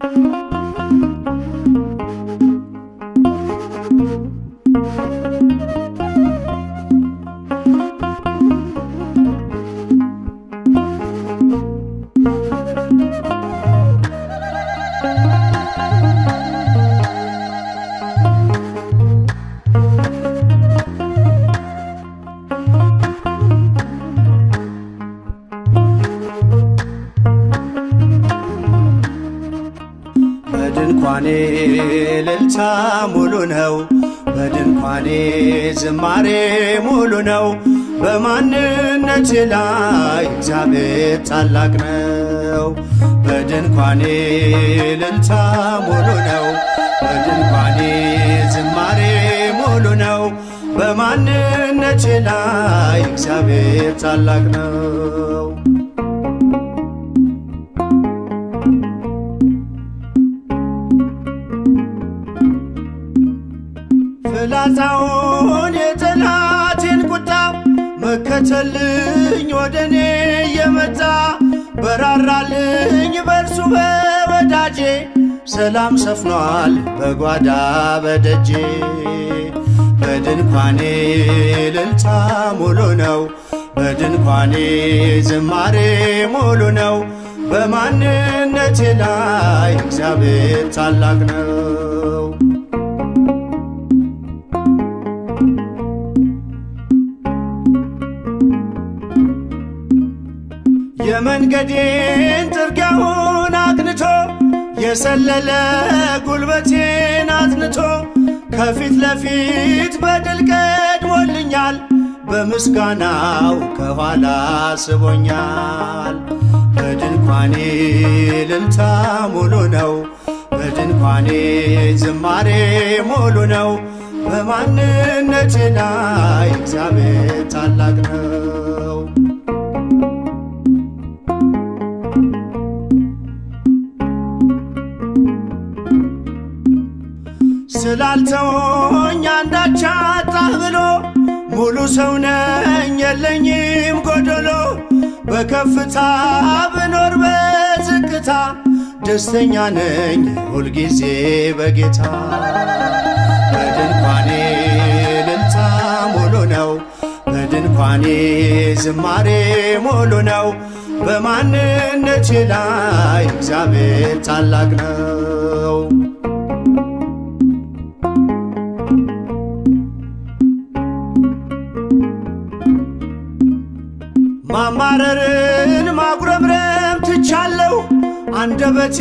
Thank you. በድንኳኔ ልልታ ሙሉ ነው፣ በድንኳኔ ዝማሬ ሙሉ ነው። በማንነት ላይ እግዚአብሔር ታላቅ ነው። በድንኳኔ ልልታ ሙሉ ነው፣ በድንኳኔ ዝማሬ ሙሉ ነው። በማንነት ላይ እግዚአብሔር ታላቅ ነው። ምላሳውን የጠላቴን ቁጣ መከተልኝ ወደ እኔ የመጣ በራራልኝ በእርሱ በወዳጄ ሰላም ሰፍኗል በጓዳ በደጄ በድንኳኔ ልልታ ሙሉ ነው በድንኳኔ ዝማሬ ሙሉ ነው በማንነቴ ላይ እግዚአብሔር ታላቅ ነው። የመንገዴን ጥርጊያውን አቅንቶ የሰለለ ጉልበቴን አትንቶ ከፊት ለፊት በድል ቀድሞልኛል፣ በምስጋናው ከኋላ ስቦኛል። በድንኳኔ ልልታ ሙሉ ነው፣ በድንኳኔ ዝማሬ ሙሉ ነው። በማንነቴ ላይ እግዚአብሔር ታላቅ ነው። ስላልተወኝ አንዳች አጣህ ብሎ ሙሉ ሰው ነኝ የለኝም ጎደሎ በከፍታ ብኖር በዝቅታ ደስተኛ ነኝ ሁልጊዜ በጌታ በድንኳኔ ልልታ ሙሉ ነው በድንኳኔ ዝማሬ ሙሉ ነው በማንነቴ ላይ እግዚአብሔር ታላቅ ነው ማማረርን ማጉረምረም ትቻለው አንደበቴ